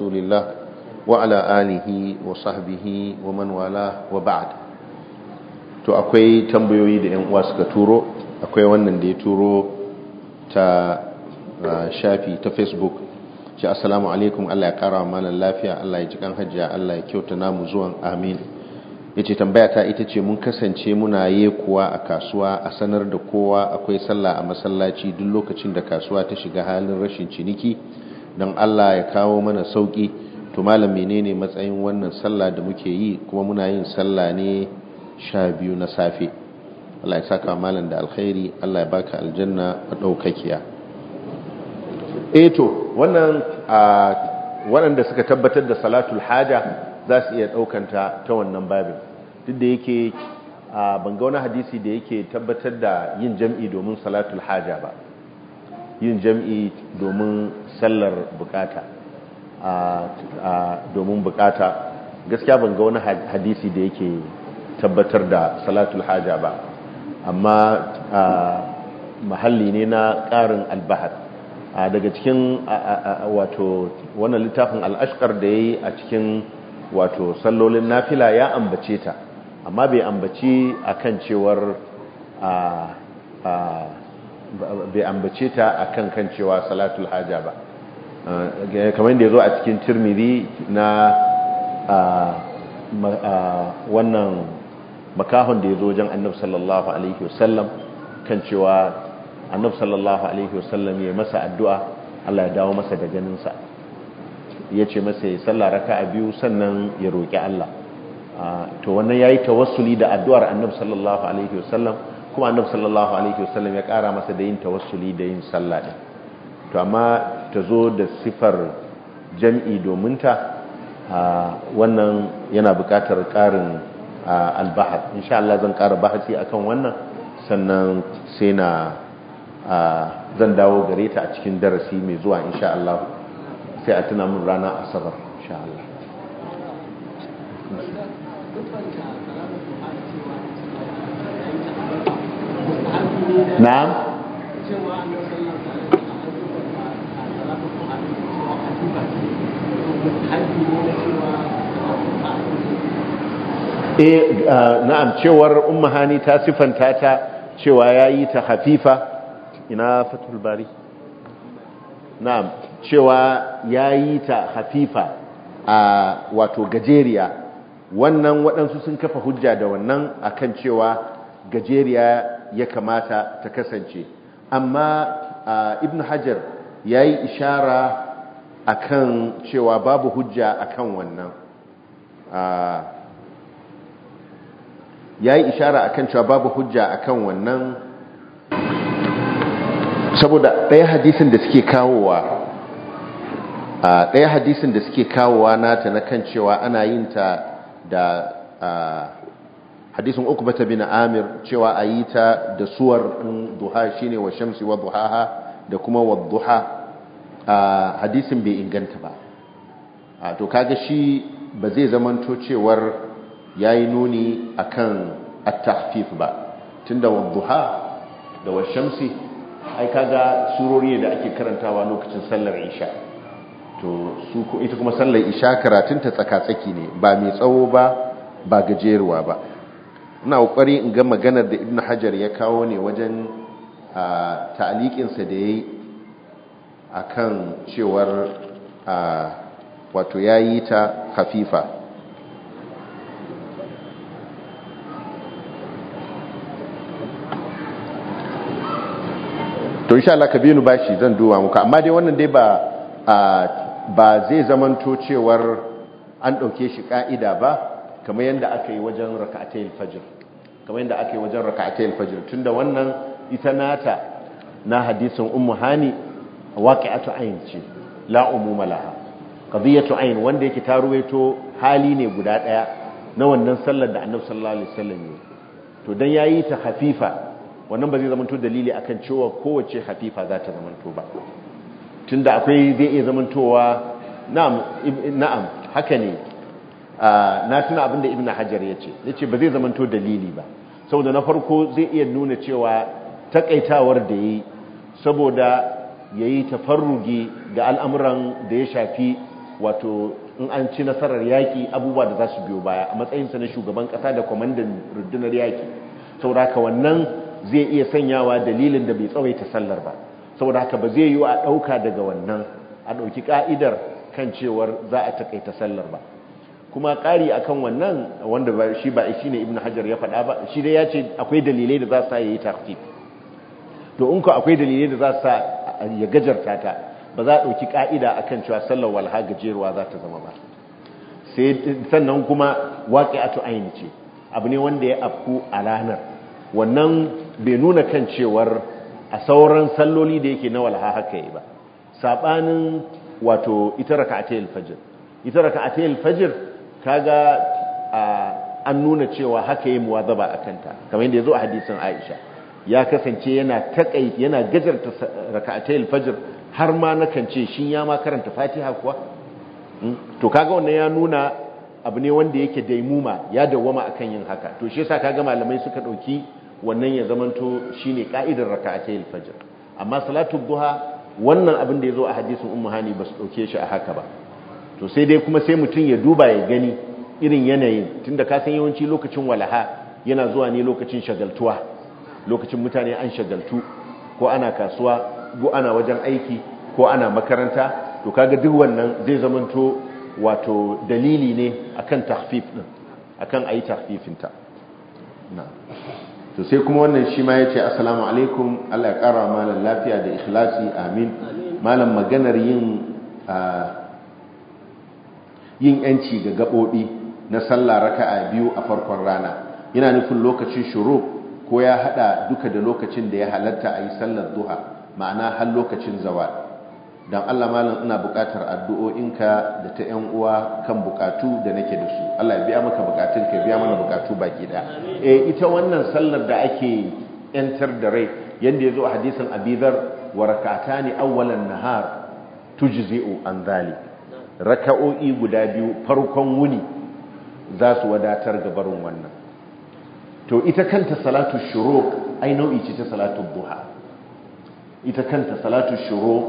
رسول الله وعلى آله وصحبه ومن والاه وبعد to akwai tambayoyi da yan uwa suka turo akwai wannan da ya turo ta shafi ta facebook ce assalamu alaikum Allah ya kara malan lafiya Allah ya ji kan hajjia Allah ya kyauta namu zuwan amin yace tambaya ta ita ce mun kasance muna yi kuwa a kasuwa a sanar da kowa akwai sallah a masallaci duk lokacin da kasuwa ta shiga halin rashin ciniki don Allah ya kawo mana sauƙi, to malam menene matsayin wannan sallah da muke yi kuma muna yin sallah ne sha biyu na safe Allah ya saka malam da alkhairi Allah ya baka aljanna a ɗaukakiya E, eh to wannan waɗanda suka tabbatar da salatul haja za su iya ɗaukanta ta wannan babin duk da yake ban ga wani hadisi da yake tabbatar da yin jam'i domin salatul haja ba yin jam'i domin sallar bukata domin bukata gaskiya ban ga wani hadisi da yake tabbatar da salatul haja ba amma mahalli ne na ƙarin albahar daga cikin wato wannan littafin al'ashkar da ya yi a cikin wato sallolin nafila ya ambace ta amma bai ambaci akan cewar a bai ambace ta a kan kan cewa salatul hajja ba eh, kamar da ya zo a cikin tirmidhi na wannan makahon da ya zo wajen annabi sallallahu alaihi wasallam kan cewa annab sallallahu alaihi wasallam ya masa addu'a Allah ya dawo masa da ganinsa ya ce masa ya salla raka a biyu sannan ya roƙi Allah to wannan ya yi tawassuli da addu'ar annab sallallahu alaihi wasallam kuma annabi sallallahu alaihi wasallam ya kara masa da yin tawassuli da yin sallah din to amma ta zo da sifar jam'i domin ta wannan yana buƙatar ƙarin albahar insha Allah zan kara bahasi akan wannan sannan sai na zan dawo gare ta a cikin darasi mai zuwa insha Allah sai a tuna mun rana asabar insha Allah na'am eh ah, na'am cewar ummahani ta sifanta ta cewa yayi ta hafifa ina fatul bari na'am cewa yayi ta hafifa a wato gajeriya wannan waɗansu sun kafa hujja da wannan akan cewa gajeriya ya kamata ta kasance amma ibn hajar ya yi ishara akan cewa babu hujja akan wannan ya yi ishara akan cewa babu hujja akan wannan saboda ɗaya hadisin da suke kawowa a ɗaya hadisin da suke kawowa nata na kan cewa ana yin ta da hadisin uku bata bin amir cewa a yi ta da suwar duha shine wa shamsi wa duhaha da kuma wa duha hadisin bai inganta ba to kaga shi ba zai to cewar yayi nuni akan at-tahfif ba tunda wa duha da wa shamsi ai kaga surori da ake karantawa lokacin sallar isha to su ita kuma sallar isha karatun ta tsaka-tsaki ne ba mai tsawo ba ba gajeruwa ba ina kokari in ga maganar da ibn hajar ya kawo ne wajen ta'alikinsa da ya yi a kan cewar wato ya yi ta hafifa to insha Allah kabinu bashi zan duwa muka amma dai wannan dai ba zai zamanto cewar an ɗauke shi ƙa'ida ba kamar yadda aka yi wajen raka'atayil fajr kamar yadda ake wajen raka'atai alfajir tunda wannan ita nata na hadisin ummu hani waqi'atu ayn ce la umuma laha qadiyatu ayn wanda yake ta ruwaito hali ne guda daya na wannan sallar da annabi sallallahu alaihi wasallam ya to dan yayi ta hafifa wannan ba zai zama to dalili akan cewa kowace hafifa za ta zama to ba tunda akwai zai iya zama towa na'am na'am haka ne ah, na tuna abinda ibnu hajar yace yace ba zai zama to dalili ba sau da na farko zai iya nuna cewa takaitawar da yi saboda ya yi tafarrugi ga al'amuran da ya shafi wato in an ci nasarar yaƙi abubuwa da za su biyo baya a matsayinsa na shugaban ƙasa da kwamandan rundunar yaƙi saboda haka wannan zai iya sanyawa dalilin da bai tsawaita sallar ba saboda haka ba zai yi a ɗauka daga wannan a ɗauki ƙa'idar kan cewar za a taƙaita sallar ba kuma ƙari akan wannan wanda shi ba shi ne ibn hajar ya faɗa ba shi dai ya ce akwai dalilai da za su sa yi tafsir to in ku akwai dalilai da za su sa ya gajarta ta ba za a ɗauki ƙa'ida a kan cewa sallar walha gajeruwa za ta zama ba sannan kuma waƙi'atu aini ce abu ne wanda ya afku a ranar wannan bai nuna kan cewar a sauran salloli da yake na walha haka yi ba saɓanin wato ita raka'atayil fajir ita raka'atayil kaga an nuna cewa haka yi muwazaba a kanta kamar yadda ya zo a hadisun aisha ya kasance yana takai yana gajarta raka'atai alfajir har ma na kance shi ya ma karanta fatiha kuwa hmm? to kaga wannan ya nuna abu ne wanda yake daimuma ya dawwama akan yin haka to shi yasa kaga malamai suka ɗauki wannan ya zamanto shine ka'idar raka'atai alfajir amma salatu Buha, wannan abin da ya zo a hadisin ummu hani ba su ɗauke shi a haka ba to sai dai kuma sai mutum ya duba ya gani irin yanayin tunda ka san yawanci lokacin walaha yana zuwa ne lokacin shagaltuwa lokacin mutane an shagaltu ko ana kasuwa ko ana wajen aiki ko ana makaranta to kaga duk wannan zai zamanto wato dalili ne akan tahfif din akan ayi tahfifinta na to sai kuma wannan shi ma yace assalamu alaikum Allah ya kara malam lafiya da ikhlasi amin malam maganar yin ah, yin yanci ga gaɓoɓi na sallah raka'a biyu a farkon rana yana nufin lokacin shuru ko ya haɗa duka da lokacin da ya halatta a yi sallar duha ma'ana har lokacin zawal don Allah malam ina bukatar addu'o'inka da ta ‘yan uwa kan bukatu da nake da su Allah ya biya maka buƙatun ka biya mana buƙatu baki ɗaya e ita wannan sallar da ake ‘yantar da rai yadda ya zo a hadisin abizar wa rakata ne awwalan nahar tujzi'u an zalik raka'o'i guda biyu farkon wuni za su wadatar ga barin wannan to ita kanta salatu shuruq ai nau'i ce ta salatu duha ita kanta salatu shuruq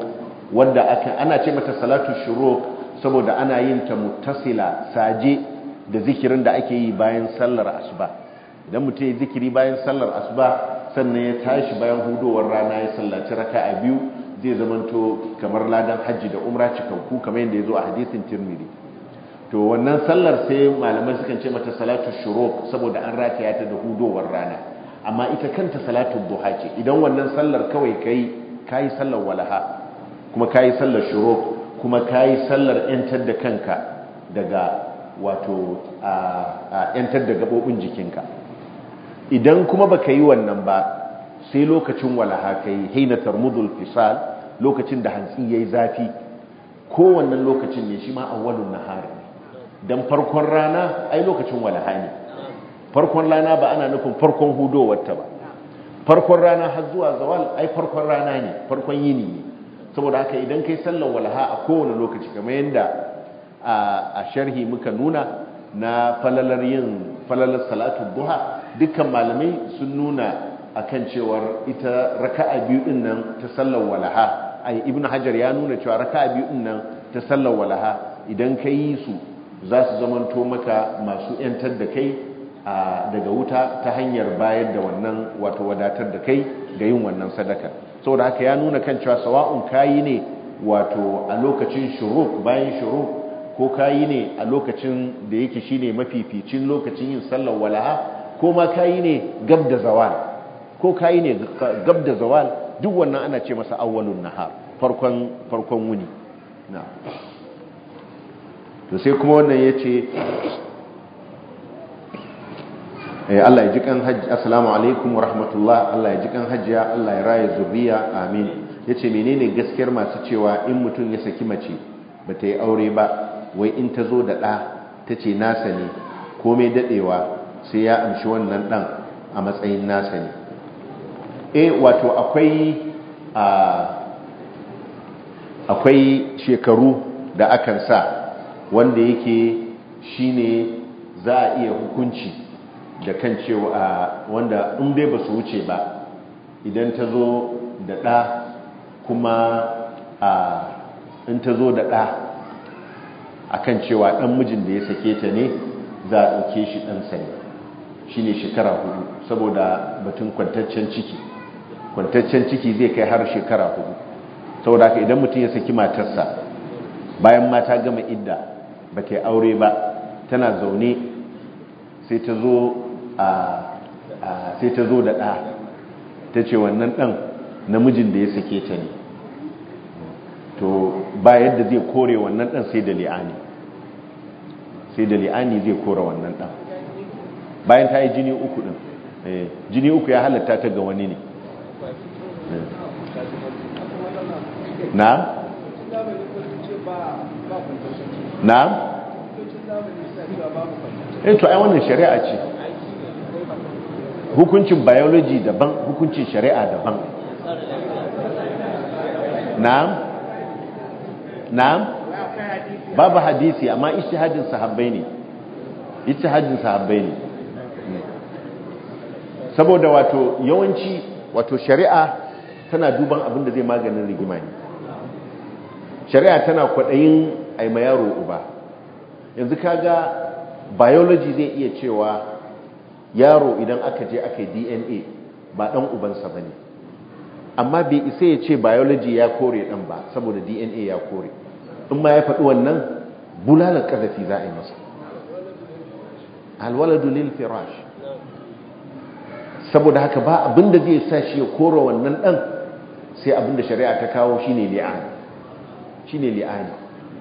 wanda aka ana ce mata salatu shuruq saboda ana yin ta muttasila saje da zikirin da ake yi bayan sallar asuba idan mutum ya zikiri bayan sallar asuba sannan ya tashi bayan hudowar rana ya sallaci raka'a biyu zai zamanto kamar ladan hajji da umra cikakku kamar yadda ya zo a hadisin tirmidhi to wannan sallar sai malamai sukan ce mata salatu shuruk saboda an rataya ta da hudowar rana amma ita kanta salatu buha ce idan wannan sallar kawai kai kayi sallar walaha kuma kayi sallar shuruk kuma kayi sallar yantar da kanka daga wato a yantar da gabobin jikinka idan kuma baka yi wannan ba sai lokacin walaha kai hainatar tarmudul fisal lokacin da hantsi yi zafi kowannan lokacin ne shi ma na hari don farkon rana ai lokacin walaha ne farkon rana ba ana nufin farkon hudowar ba farkon rana har zuwa zawal ai farkon rana ne farkon yini ne saboda haka idan kai sallar walaha a kowane lokaci kamar yadda a sharhi muka nuna na falalar yin falalar salatu duha dukkan malamai sun nuna akan cewar ita raka'a biyu din nan ta sallar walaha ibn hajar ya nuna cewa raka biyu nan ta sallar walaha idan ka yi su za su zamanto maka masu yantar da kai daga wuta ta hanyar bayar da wannan wato wadatar da kai ga yin wannan sadaka saboda haka ya nuna kan cewa sawa'un kayi ne wato a lokacin shuru bayan shuru ko kayi ne a lokacin da yake shine mafificin lokacin yin sallar walaha ko ma kayi ne ne gab da zawal duk wannan ana ce masa awwalun nahar farkon farkon wuni na to sai kuma wannan yace eh Allah ya ji kan hajji assalamu alaikum wa rahmatullah Allah ya ji kan hajjiya Allah ya raye zuriya amin yace menene gaskiyar masu cewa in mutum ya saki mace bata yi aure ba wai in ta zo da ɗa ta ce nasa ne komai daɗewa sai ya amshi wannan ɗan a matsayin nasa ne eh wato akwai akwai shekaru da akan sa wanda yake shine za a iya hukunci da kan cewa wanda in bai ba su wuce ba idan ta zo da ɗa kuma in ta zo da ɗa a kan cewa ɗan mijin da ya sake ta ne za a ɗauke shi ɗan sani Shi ne shekara hudu saboda batun kwantaccen ciki kwantaccen ciki zai kai har shekara hudu saboda haka idan mutum ya saki matarsa bayan mata gama idda ba ta aure ba tana zaune sai ta zo da ɗa ta ce wannan ɗan namijin da ya sake ta ne to ba yadda zai kore wannan ɗan sai da li'ani sai da li'ani zai kore wannan ɗan bayan ta yi jini uku ɗin eh, jini uku ya halatta ta ga wani ne na na eh, to ai wannan shari'a ce hukuncin biology daban hukuncin shari'a daban na na babu hadisi amma hajjin sahabbai ne hajjin sahabbai ne hmm. saboda wato yawanci wato shari'a tana duban abin da zai maganin rigima ne shari'a tana kwaɗayin aimayaro yaro uba yanzu kaga biology zai iya cewa yaro idan aka je aka dna ba ɗan ubansa ba ne amma bai isa ya ce biology ya kore ɗan ba saboda dna ya kore in ma ya faɗi wannan bulalar ƙazafi za a yi masa alwaladu lil firash saboda haka ba abin zai sa shi ya kora wannan ɗan sai abin shari'a ta kawo shi ne li'ani shi ne li'ani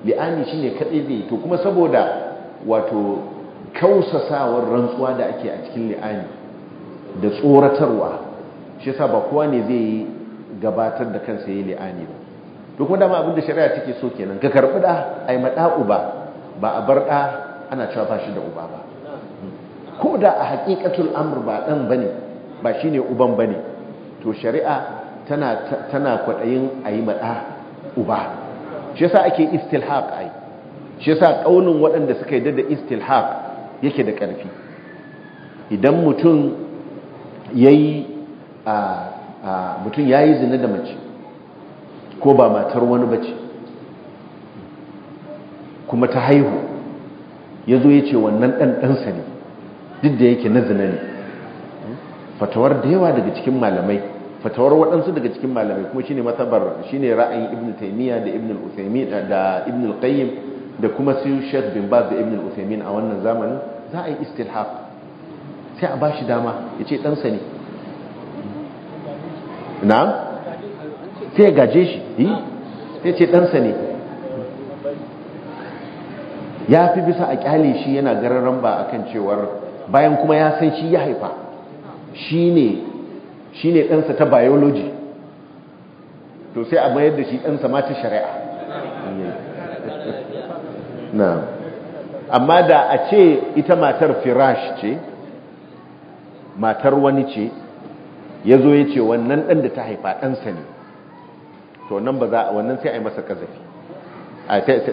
li'ani shi ne kaɗai to kuma saboda wato kausasawar rantsuwa da ake a cikin li'ani da tsoratarwa shi sa ba kowa ne zai yi gabatar da kansa yi li'ani ba to kuma dama abin da shari'a take so kenan ka karɓi ɗa a yi maɗa uba ba a bar ɗa ana cewa ba shi da uba ba ko da a haƙiƙatul amur ba ɗan ba ne ba shi ne uban ba ne to shari'a tana kwaɗayin a yi maɗa uba shi yasa ake istilhaq ai shi yasa ƙaunin waɗanda suka yi da istilhaq yake da ƙarfi idan mutum ya yi mutum zina da mace ko ba matar wani bace kuma ta haihu ya zo ya ce wannan ɗan ɗansa ne duk da yake na zina ne fatawar da yawa daga cikin malamai fatawar waɗansu daga cikin malamai kuma shine matabar shine ra'ayin ibn taymiya da ibn al da qayyim da kuma su bin baz da ibn al a wannan zamanin za a yi istilhaq sai a bashi dama yace dan na'am sai ya gaje shi sai ce dan ne ya fi bisa a kyale shi yana gararan ba akan cewar bayan kuma ya san shi ya haifa shi ne ɗansa ta biology to sai a mayar da shi ɗansa ma ta shari'a amma da a ce ita matar firash ce matar wani ce ya zo ya ce wannan ɗan da ta haifa ɗansa ne to nan ba za wannan sai a yi masa ƙazafi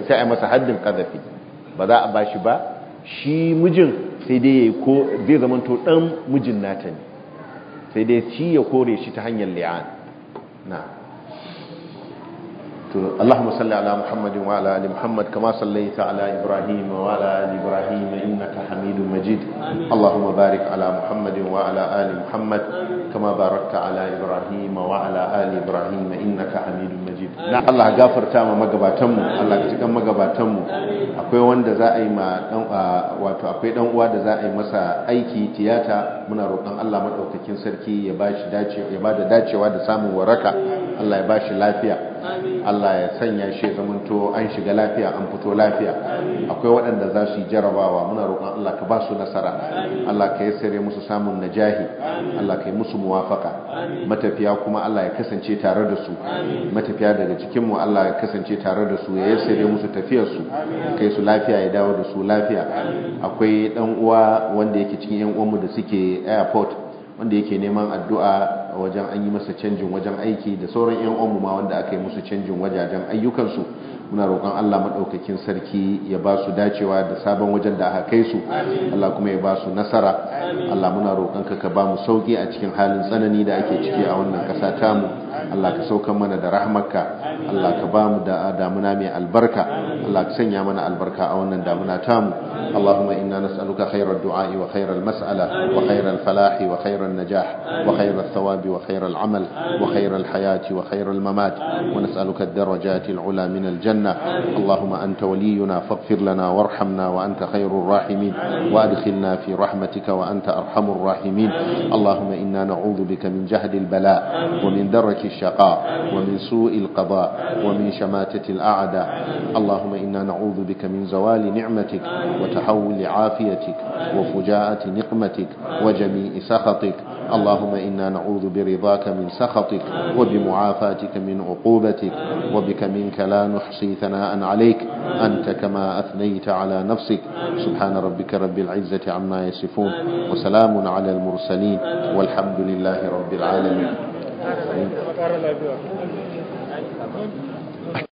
sai a yi masa haddin ƙazafi ba za a ba shi ba shi mijin sai dai ya yi ko zai zama to ɗan mijin nata ne sai dai shi ya kore shi ta hanyar li'an na اللهم صل على muhammad kama sallaita ala ibrahim wa على ابراهيم وعلى ال ابراهيم انك حميد مجيد اللهم بارك على محمد وعلى muhammad kama كما ala ibrahim wa وعلى ال ابراهيم انك حميد مجيد نعم الله غفرتا ما magabatan mu Allah ka cikan magabatan mu akwai wanda za a yi ma dan wato akwai dan uwa da za a yi masa aiki tiyata muna roƙon Allah madaukakin sarki ya bashi dacewa ya bada dacewa da samun waraka Allah ya bashi lafiya Allah ya sanya shi zamanto an shiga lafiya an fito lafiya akwai waɗanda za su yi jarabawa muna roƙon Allah ka ba su nasara Allah ka yassare musu samun najahi Allah ka yi musu muwafaka matafiya kuma Allah ya kasance tare da su matafiya daga cikin mu Allah ya kasance tare da su ya yassare musu tafiyar su kai su lafiya ya dawo da su lafiya akwai dan uwa wanda yake cikin yan uwanmu da suke airport wanda yake neman addu'a wajen an yi masa canjin wajen aiki da sauran 'yan uwanmu ma wanda aka yi musu canjin wajajen ayyukansu muna roƙon Allah maɗaukakin sarki ya ba su dacewa da sabon wajen da aka kai su Allah kuma ya ba su nasara Allah muna roƙon ka ka ba mu sauƙi a cikin halin tsanani da ake ciki a wannan ƙasa tamu Allah ka sauka mana da rahmarka Allah ka ba mu da damuna mai albarka Allah ka sanya mana albarka a wannan damuna tamu Allahumma inna nas'aluka khairar du'a'i wa khairar mas'ala wa khairar falahi wa khairar najah wa khairar thawabi wa khairar amal wa khairar hayati wa khairar mamat wa nas'aluka الدرجات العلى من الجنة اللهم أنت ولينا فاغفر لنا وارحمنا وأنت خير الراحمين وأدخلنا في رحمتك وأنت أرحم الراحمين اللهم إنا نعوذ بك من جهد البلاء ومن درك الشقاء ومن سوء القضاء ومن شماتة الأعداء اللهم إنا نعوذ بك من زوال نعمتك وتحول عافيتك وفجاءة نقمتك وجميع سخطك اللهم إنا نعوذ برضاك من سخطك وبمعافاتك من عقوبتك وبك منك لا نحصي ثناء عليك أنت كما أثنيت على نفسك سبحان ربك رب العزة عما يصفون وسلام على المرسلين والحمد لله رب العالمين Agora vai ver.